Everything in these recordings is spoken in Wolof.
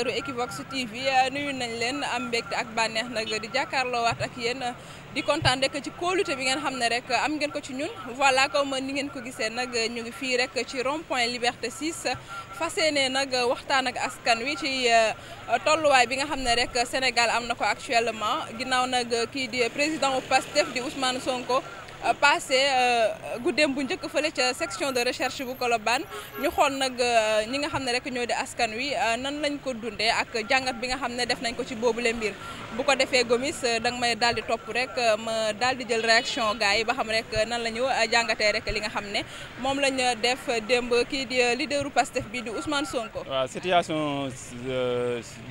amateur Equivox TV nuyu nañ leen am mbégte ak bànneex nag di jàkkaarloo waat ak yéen di kontaan rek ci kóolute bi ngeen xam ne rek am ngeen ko ci ñun voilà ma ni ngeen ko gisee nag ñu ngi fii rek ci rond point Liberté 6 fas yéenee nag waxtaan ak askan wi ci euh, tolluwaay bi nga xam ne rek Sénégal am na ko actuellement ginnaaw nag kii di président u PASTEF di Ousmane Sonko. passé euh, guddeem bu njëkk fële ca section de recherche bu Colobane ñu xool nag euh, ñi nga xam ne rek ñoo di askan wi euh, nan lañ ko dundee ak jàngat bi nga xam ne def nañ ko ci boobu lee mbir bu ko defee Gomis danga may daal di topp rek ma daal di jël réaction gars yi ba xam rek nan la ñu jàngatee rek li nga xam ne moom lañ def démb kii di leaderu Pastef bi di Ousmane Sonko. waaw situation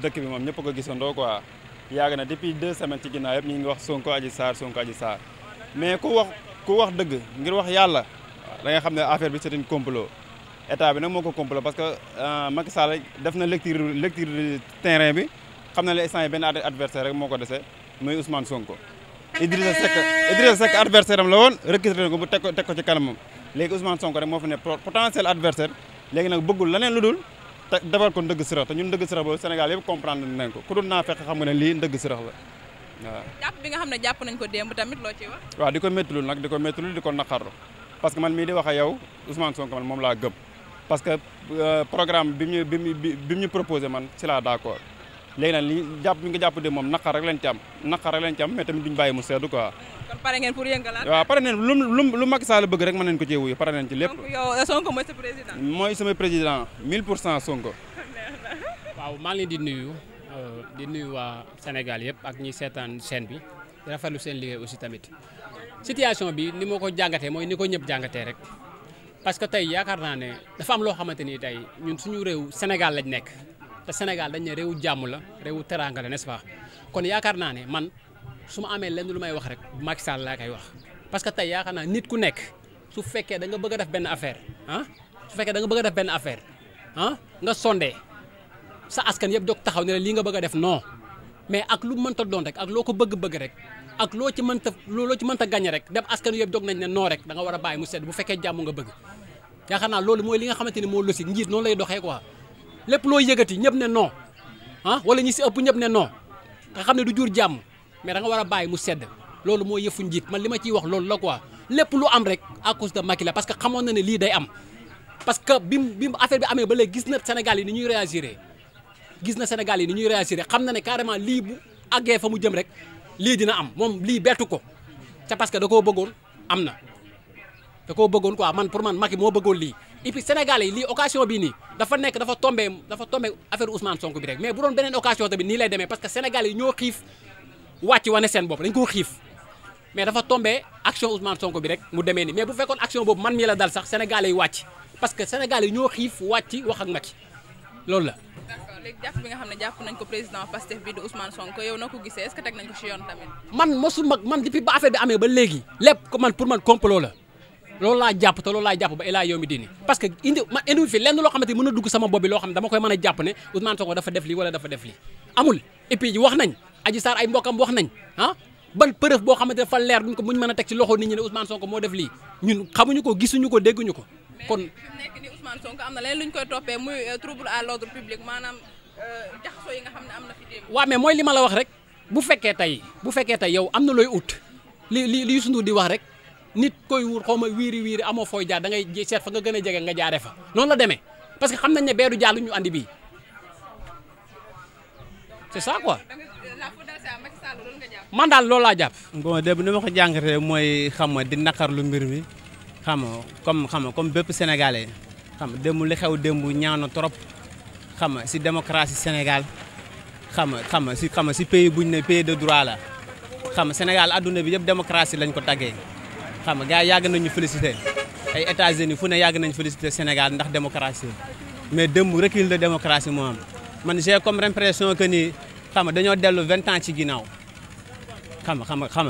dëkk bi moom ñëpp ko gisandoo quoi yàgg na depuis deux semaines ci ginnaaw ñu ngi wax Sonko Adji Sarr Sonko Adji mais ku wax ku wax dëgg ngir wax yàlla da nga xam ne affaire bi c'est un complot état bi nag moo ko complot parce que euh, Macky Sall def na lecture lecture terrain bi xam na ne instant yi benn adversaire moo ko dese muy Ousmane Sonko. Idrissa Seck Idrissa Seck adversaire am la woon recruté ko bu teg ko teg ko ci kanamam léegi Ousmane Sonko rek moo fi ne potentiel adversaire léegi nag bëggul leneen lu dul te defal ko ndëgg sërëx te ñun ndëgg sërëx boobu Sénégal yëpp comprendre nañ ko ku dul naa fekk xam nga ne lii ndëgg sërëx la. waaw jàpp bi nga xam ne jàpp nañ ko démb tamit loo di ko méttiwul nag di ko méttiwul di ko naqarlu parce que man mii di wax ak yow Ousmane Sonko man moom laa gëm parce que euh, programme bi mu bi mu mu ñu man ci laa d'accord léegi nag li jàpp bi nga jàpp de moom naqar rek lañ ci am naqar rek lañ ci am mais tamit duñ bàyyi mu seddu quoi. Hmm, kon pare ngeen pour yëngalaat. waaw lu lu lu Macky bëgg rek mën nañ ko cee wuyu pare nañ ci lépp. donc yow euh, Sonko mooy sa président. mooy sama président 1000 pour cent Sonko. waaw maa leen di nuyu. Euh, di nuyu waa Sénégal yëpp ak ñi seetaan chaîne bi di rafetlu seen liggéey aussi tamit situation bi ni ma ko jàngatee mooy ni ko ñëpp jàngatee rek parce que tey yaakaar naa ne dafa am loo xamante ni tey ñun suñu réew Sénégal lañ nekk te Sénégal dañ ne réewu jàmm la réewu teraanga la nest kon yaakaar naa ne man su ma amee lenn lu may wax rek Macky Sall laa koy wax parce que tey yaakaar naa nit ku nekk su fekkee da nga bëgg a def benn affaire ah su fekkee da bëgg def benn affaire ah nga sondee sa askan yëpp dog taxaw ne la lii nga bëgg a def non mais ak lu mënta doon rek ak loo ko bëgg-bëgg rek ak loo ci mënta loo ci mënta gañe rek dem askan yëpp dog nañ ne non rek danga war a bàyyi mu sedd bu fekkee jàmm nga bëgg yaakaar loolu mooy li xamante ni moo losi njiit noonu lay doxee quoi lépp loo yëgati ñëpp ne non ah wala ñi si ëpp ñëpp ne non nga xam ne du jur jàmm mais da nga war a bàyyi mu sedd loolu mooy yëfu njiit man li ma ciy wax loolu la quoi lépp lu am rek à cause de Macky la parce que xamoon na ne lii day am parce que bi bi affaire bi amee ba léegi gis na Sénégal yi ni ñuy réagir gis na Sénégal yi ni ñuy réagir xam na ne carrément lii bu àggee fa mu jëm rek lii dina am moom lii bettu ko ca parce que da koo bëggoon am na da koo bëggoon quoi man pour man Macky moo bëggoon lii et puis Sénégalais yi lii occasion bi nii dafa nekk dafa tombé dafa tombé affaire Ousmane Sonko bi rek mais bu doon beneen occasion tamit nii lay demee parce que Sénégalais yi ñoo xiif wàcc seen bopp dañ koo xiif mais dafa tombé action Ousmane Sonko bi rek mu demee nii mais bu fekkoon action boobu man mii la dal sax Sénégalais wàcc parce que Sénégalais yi ñoo xiif wàcc wax ak Macky loolu la léegi jàpp bi nga xam ne jàpp nañ ko président Pastef bi di Ousmane Sonko yow noo ko gisee est-ce que teg nañ ko ci yoon tamit. man mosuma man depuis ba affaire bi amee ba léegi lépp ko man pour man complot la loolu laa jàpp te loolu laa jàpp ba ilaa yow mi dini parce que indi man indiwul fi lenn loo xamante mën a dugg sama bopp bi loo xam ne dama koy mën a jàpp ne Ousmane Sonko dafa def lii wala dafa def lii amul et puis wax nañ Adji Sarr ay mbokkam wax nañ ah a teg ci loxo nit ñi ko gisuñu ko dégguñu ko kon nekk ni am na leneen lu ñu koy toppee muy euh, trouble à l'ordre public maanaam euh, jaxasoo yi mooy li ma la wax rek bu fekkee tey bu fekkee tey yow am na looy ut li li li Youssou di wax rek nit koy wur xaw ma wiiri wiiri amoo fooy jaar da ngay seet fa nga gën a jege nga jaare fa noonu la demee parce que xam nañ ne beeru jaar lu ñu andi bii c'est ça quoi. Euh, man daal loolu laa jàpp. bon démb ni ma ko jàngatee mooy xam nga di naqar lu mbir mi. xama nga comme xam nga comme bépp sénégalais xam nga démb xew démb ñaaw na trop xam nga si démocratie Sénégal xam nga xam nga si xam nga si pays buñ ne pays de droit la xam nga Sénégal adduna bi yëpp démocratie lañ ko taggee xam nga gars yàgg nañu félicité ay États-Unis fu ne yàgg nañu félicité Sénégal ndax démocratie mais démb recul de démocratie moo am man j'ai comme l'impression que ni xam dañoo dellu vingt ans ci ginnaaw xam nga xam nga xam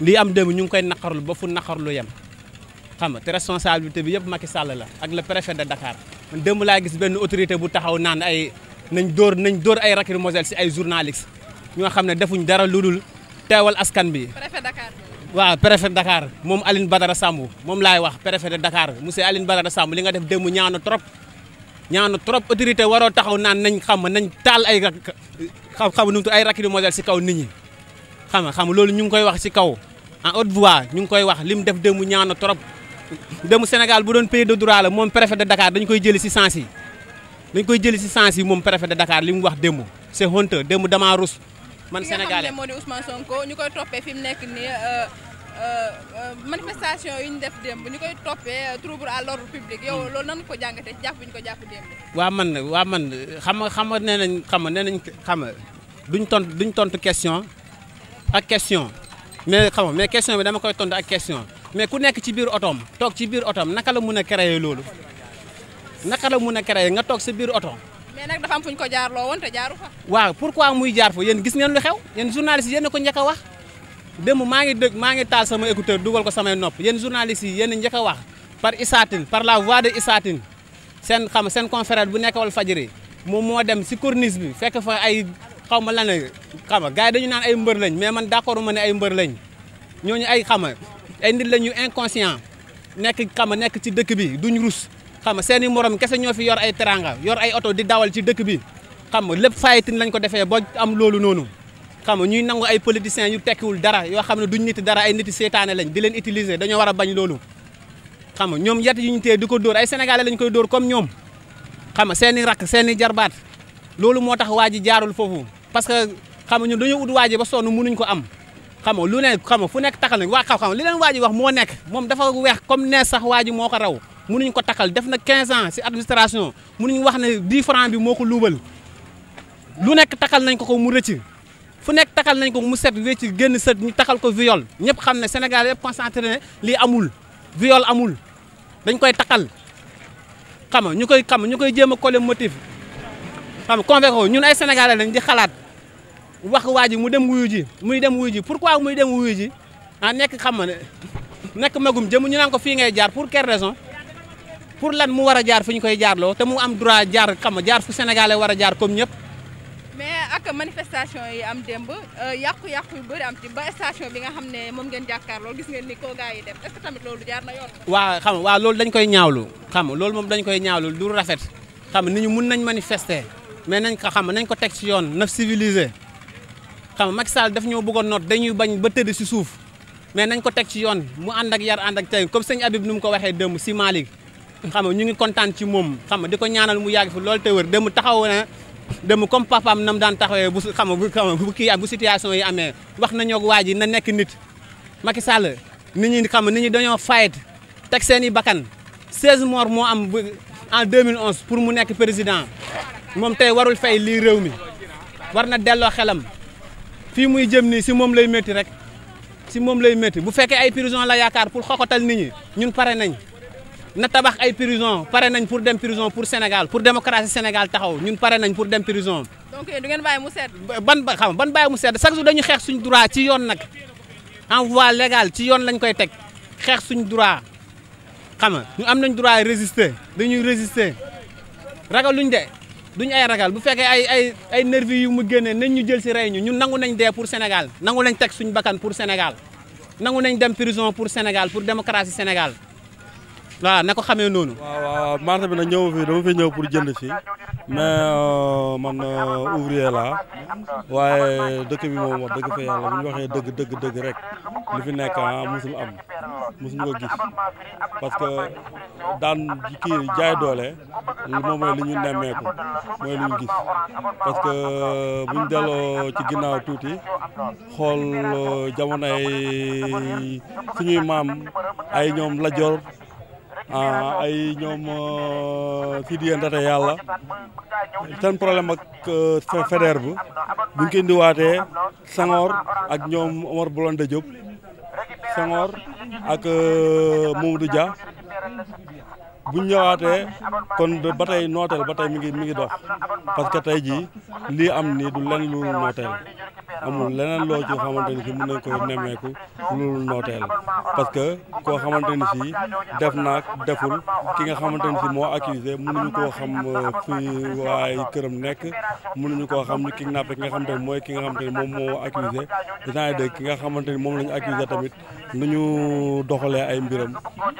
li am démb ñu ngi koy naqarlu ba fu naqarlu yem. xam nga te responsabilité bi yëpp Macky Sall la ak le préfet de Dakar man démb laa gis benn autorité bu taxaw naan ay nañ dóor nañ door ay lacrymogène si ay journalistes ñoo xam ne defuñ dara lu dul teewal askan bi. préfet Dakar. waaw préfet Dakar moom Aline Badara Samb moom laay wax préfet de Dakar monsieur Aline Badara Samb li nga def démb ñaanu trop ñaanu trop autorité waroo taxaw naan nañ xam nañ taal ay xam xam nu ay lacrymogène si kaw nit ñi xam nga xam loolu ñu ngi koy wax si kaw en haute voix ñu ngi koy wax li mu def démb ñaanu trop. dem Sénégal bu doon pays de droit la moom préfet de Dakar dañ koy jëli si sens dañ koy jëli si sens yi moom préfet de Dakar li mu wax démb c'est honteux démb damaa rus man Sénégalais moo di Ousmane Sonko ñu koy toppee fi mu nekk nii euh, euh, euh, manifestation yi ñu def démb ñu koy toppee trouble à l'ordre public yow hmm. loolu nan ko jàngatee jàpp ñu ko jàpp démb. waa man waa man xam nga xam nga nee nañ xam nga nee nañ xam nga duñ tontu duñ tontu question ak question mais xam nga mais question bi dama koy tontu ak question. mais ku nekk ci biir otoom toog ci biir otoom naka la mun a créer loolu naka la mun a créer nga toog sa biir oto. mais nag dafa am fu ko jaarloo woon te jaaru fa. waaw pourquoi muy jaar fa yéen gis ngeen lu xew yéen journaliste yéen ko njëkk a wax démb maa ngi dëgg maa ngi taal sama écouteur dugal ko samay nopp yéen journaliste yi yenn a njëkk wax par Isatine par la voix de Isatine seen xam seen confrère bu nekkewal wal fajiri moom moo dem si corniche bi fekk fa ay xaw ma la la xam nga dañu naan ay mbër lañ mais man d'accord ma ne ay mbër lañ ñooñu ay xam ay nit la ñu inconscient nekk xam nga nekk ci dëkk bi duñ rus xam nga seeni morom kese ñoo fi yor ay teranga yor ay oto di dawal ci dëkk bi xam nga lépp fayatin lañ ko defee ba am loolu noonu xam nga ñuy nangu ay politiciens yu tekkiwul dara yoo xam ne duñ niti dara ay niti seetaane lañ di leen utiliser dañoo war a bañ loolu xam nga ñoom yat yu ñu tee di ko dóor ay sénégalais lañ koy dóor comme ñoom xam nga seeni rakk seeni jarbaat loolu moo tax waa ji jaarul foofu parce que xam nga ñun dañoo ut waa ji ba sonn mënuñ ko am xam nga lu nekk xam nga fu nekk takkal nañ waa xam-xam li leen waa ji wax moo nekk moom dafa weex comme nees sax waa ji moo ko raw ñu ko takkal def na quinze ans si administration ñu wax ne 10 francs bi moo ko luubal lu nekk takkal nañ ko ko mu rëcc fu nekk takal nañ ko mu set wécc génn sët ñu takkal ko viol ñëpp xam na Sénégal yëpp concentré ne lii amul viol amul dañ koy takkal xam nga ñu koy xam ñu koy jéem a collé motif xam nga convaincre ñun ay sénégalais lañ di xalaat. wax waa ji mu dem wuyu ji muy dem wuyu ji pourquoi muy dem wuyu ji ah nekk xam ma ne nekk magum jëm ñu naan ko fii ngay jaar pour quelle pour lan mu war a jaar fu ñu koy jaarloo te mu am droit jaar xam ma jaar fu sénégalais war a jaar comme ñëpp. mais ak manifestation yi am démb euh, yàqu-yàqu yu bëri am ci ba bi nga xam ne moom ngeen jàkkaarloo gis ngeen ni ko gaa yi loolu jaar na yoon. waaw xam nga waaw loolu dañ koy ñaawlu xam nga loolu moom dañ koy ñaawlu du rafet xam nga nit mun nañ manifester mais nañ ko xam nañ ko teg ci yoon na civilisé. xam nga Macky Sall daf ñoo bëggoon noot dañuy bañ ba tëdd si suuf mais nañ ko teg ci yoon mu ànd ak yar ànd ak comme sëñ Habib nu mu ko waxee démb si Malick xam nga ñu ngi kontaan ci moom xam nga di ko ñaanal mu yàgg fi loolu te wër démb taxaw na démb comme papaam nam daan taxawee bu xam nga bu xam bu kii bu situation yi amee wax nañoo ak waa ji na nekk nit Macky Sall nit ñi xam nit ñi dañoo fayet teg seen i bakkan 16 morts moo am en 2011 pour mu nekk président moom tey warul fay lii réew mi war na delloo xelam fii muy jëm nii si moom lay métti rek si moom lay métti bu fekkee ay prison la yaakaar pour xoxotal nit ñi ñun pare nañ na tabax ay prison pare nañ pour dem prison pour Sénégal pour démocratie Sénégal taxaw ñun pare nañ pour dem prison. donc du ngeen bàyyi mu sedd. ban ba xam ban bàyyi mu sedd chaque jour dañu xeex suñu droit ci yoon nag en voie légale ci yoon lañ koy teg xeex suñu droit xam nga ñu am nañ droit résister dañuy résister ragaluñ de. duñ ay ragal bu fekkee ay ay ay nervi yu mu génnee nañ ñu jël si rey ñu ñun nangu nañ dee pour Sénégal nangu nañ teg suñu bakkan pour Sénégal nangu nañ dem prison pour Sénégal pour démocratie Sénégal waaw na ko xamee noonu. waaw bi nag ñëw fii dama fi ñëw pour jënd si mais euh, man euh, ouvrier laa waaye dëkk bi moom wax dëgg fa yàlla bu ñu waxee dëgg dëgg dëgg rek lu fi nekk ah musul am musul ko gis parce que daan kii jaay doole moom mooy li ñu nemmeeku mooy li ñu gis parce que euh, bu ñu delloo ci ginnaaw tuuti xool jamonoy suñuy maam ay ñoom la Ah, ay ñoom Sidi euh, Yandate yàlla seen problème ak euh, Faidherbe bu ñu ko indiwaatee Senghor ak ñoom Omar Blondin Diop Senghor ak euh, Mamadou Dia bu ñëwaatee kon ba tey nooteel ba tey mi ngi mi ngi dox parce que tey jii lii am nii du lenn lu nooteel amul leneen loo ci xamante ni si mën nañ koy nemmeeku lu nooteel parce que koo xamante ni si def naag deful ki nga xamante ni si moo accusé mënuñu koo xam uh, fi waay këram nekk mënuñu koo xam ni kidnappé ki nga xamante ni mooy ki nga xamante moom moo accusé dinaa dégg ki nga xamante ni moom lañu accusé tamit nu ñu doxalee ay mbiram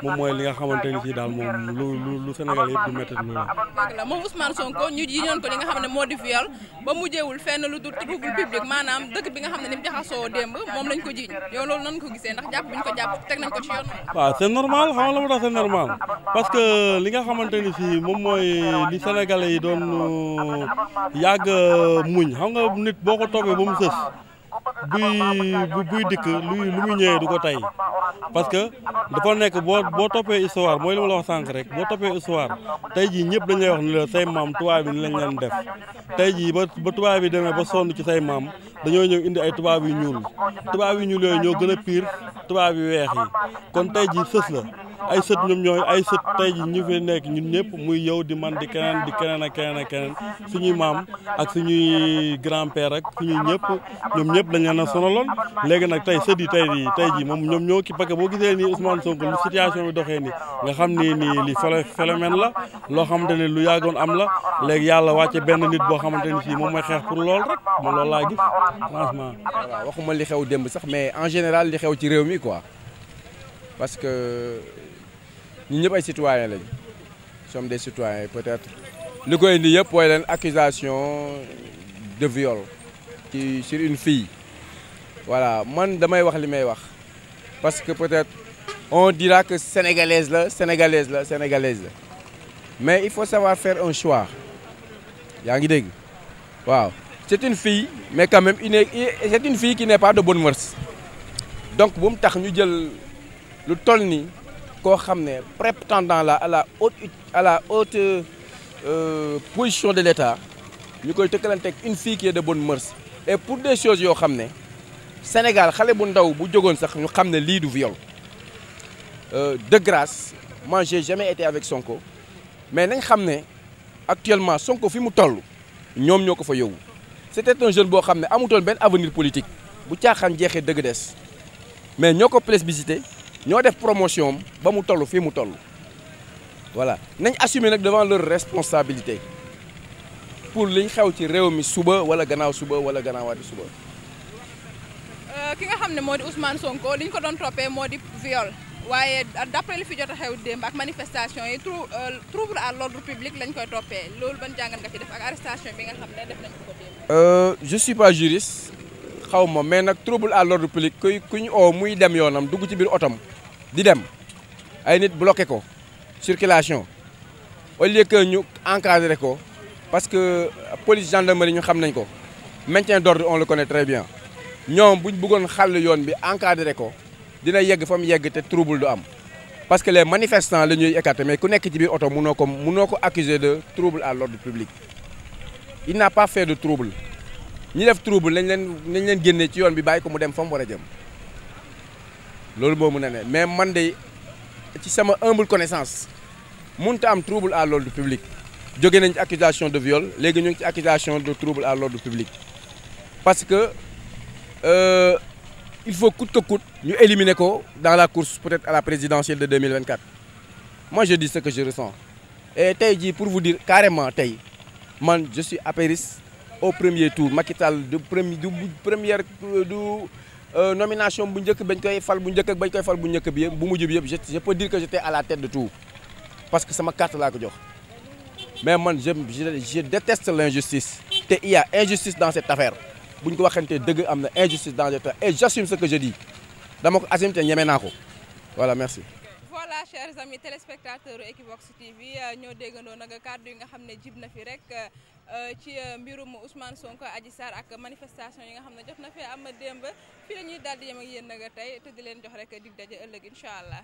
moom mooy li nga xamante ni si daal moom lu lu lu Sénégal yëpp di métti lu la. dëgg la moom Ousmane ñu jiñoon ko li nga xam ne moo di viol ba mujjeewul fenn lu dul trouble public maanaam dëkk bi nga xam ne ni mu jaxasoo démb moom lañ ko jiiñ yow loolu nan ko gisee ndax jàpp bi ñu ko jàpp teg nañ ko ci yoon. waaw c'est normal xam nga la ma tax c'est normal parce li nga xamante ni si moom mooy li Sénégalais yi doon yàgg muñ xam nga nit boo ko toogee ba mu buy buy dikk lu lu muy ñëwee du ko tey parce que dafa nekk boo boo toppee histoire mooy li ma la wax sànq rek boo toppee histoire tey jii ñëpp dañ lay wax ni la say maam tubaab bi ni lañ leen def tey jii ba ba tubaab bi demee ba sonn ci say maam dañoo ñëw indi ay tubaab yu ñuul tubaab yu ñuul yooyu ñoo gën a piir tubaab yu weex yi kon tey jii sës la ay sët ñoom ñooy ay sët tey ji ñu fi nekk ñun ñëpp muy yow di man di keneen di keneen ak keneen ak keneen suñuy maam ak su ñuy grand père ak suñuy ñëpp ñoom ñëpp dañ leen a sonaloon léegi nag tey sët yi tey ji moom ñoom ñoo ki parce boo gisee nii Ousmane Sonko lu situation bi doxee nii nga xam ni nii li phénomène la loo xamante ne lu yàggoon am la léegi yàlla wàcce benn nit boo xamante ni si moom mooy xeex pour lool rek ma loolu laa gis franchement waxuma li xew démb sax mais en général li xew ci réew mi quoi parce que ñun ñëpp ay citoyens lañu sommes des citoyens peut-être li koy indi yëpp mooy leen accusation de viol ci sur une fille voilà man damay wax li may wax parce que peut-être on dira que sénégalaise la sénégalaise la sénégalaise la mais il faut savoir fair un choix yaa ngi dégg waaw c'est une fille mais quand même une c'est une fille qui n'est pas de bonne mœurs donc bu mu tax ñu jël lu tol nii. koo xam ne prétendant la à la haute à la haute euh, position de l'État ñu koy tëkkalanteeg une fille qui de bonne mœurs et pour des choses yoo xam ne Sénégal xale bu ndaw bu jógoon sax ñu xam ne lii du viol euh, de grâce moi j'ai jamais été avec Sonko mais nañ xam ne actuellement Sonko fi mu toll ñoom ñoo ko fa yóbbu c'était un jeune boo xam ne amutoon benn avenir politique bu caaxaan jeexee dëgg des mais ñoo ko plébiscité ñoo def promotion ba mu toll fii mu toll voilà nañ assumer nag devant leur responsabilité pour liñ xew ci réew mi suba wala gannaaw suba wala gannaawaati suba. Euh, ki nga xam ne moo di Ousmane Sonko li ko doon toppee moo di viol waaye d'après li fi jot a xew démb ak manifestation yi euh, trouble à l'ordre public lañ koy toppee loolu ban jàngat nga ci def ak arrestation bi nga xam ne def nañ ko démb. Euh, je pas juriste xaw ma mais nag trouble à l'ordre public ku muy dem yoonam dugg ci biir otom di dem ay nit bloqué ko circulation au lieu que ñu encadré ko parce que police gendarmerie ñu xam nañ ko maintien d'ordre on le connaît très bien ñoom buñ bëggoon xàll yoon bi encadré ko dina yegg fa mu yegg te trouble du am parce que le manifestants la ñuy écarté mais ku nekk ci biir oto mënoo ko mënoo ko accuser de trouble à l'ordre public il n'a pas fait de trouble ñi def trouble nañ leen nañ leen génnee ci yoon bi bàyyi ko mu dem fa mu war a loolu moo mu a ne mais man de ci sama humble connaissance mënut am trouble à l'ordre public jóge nañ ci accusation de viol léegi ñu ngi ci accusation de trouble à l'ordre public parce que euh, il faut coûte que coûte ñu éliminer ko dans la course peut-être à la présidentielle de 2024 moi je dis ce que je ressens et tey jii pour vous dire carrément tey man je suis apériste au premier tour Macky Sall du premier du première du euh, Euh, nomination bu njëkk bañ koy fal bu njëkk ak bañ koy fal bu njëkk bi yëpp bu mujj bi yëpp je peux dire que j'étais à la tête tout parce que sama carte laa ko jox mais man je je déteste l'injustice te il y a injustice dans cette affaire bu ko waxantee dëgg am na injustice dans cette affaire et j'assume ce que je dama ko assume te ñeme naa ko voilà merci chers amis téléspectateurs Equivox TV euh, ñoo déggandoo nag kàddu yi nga xam ne jib na fi rek euh, ci euh, mbirum Ousmane Sonko aji sar ak manifestation yi nga xam ne jot na fee am démb fii la ñuy daal di yem ak yéen nag tey te di leen jox rek dig daje ëllëg incha allah.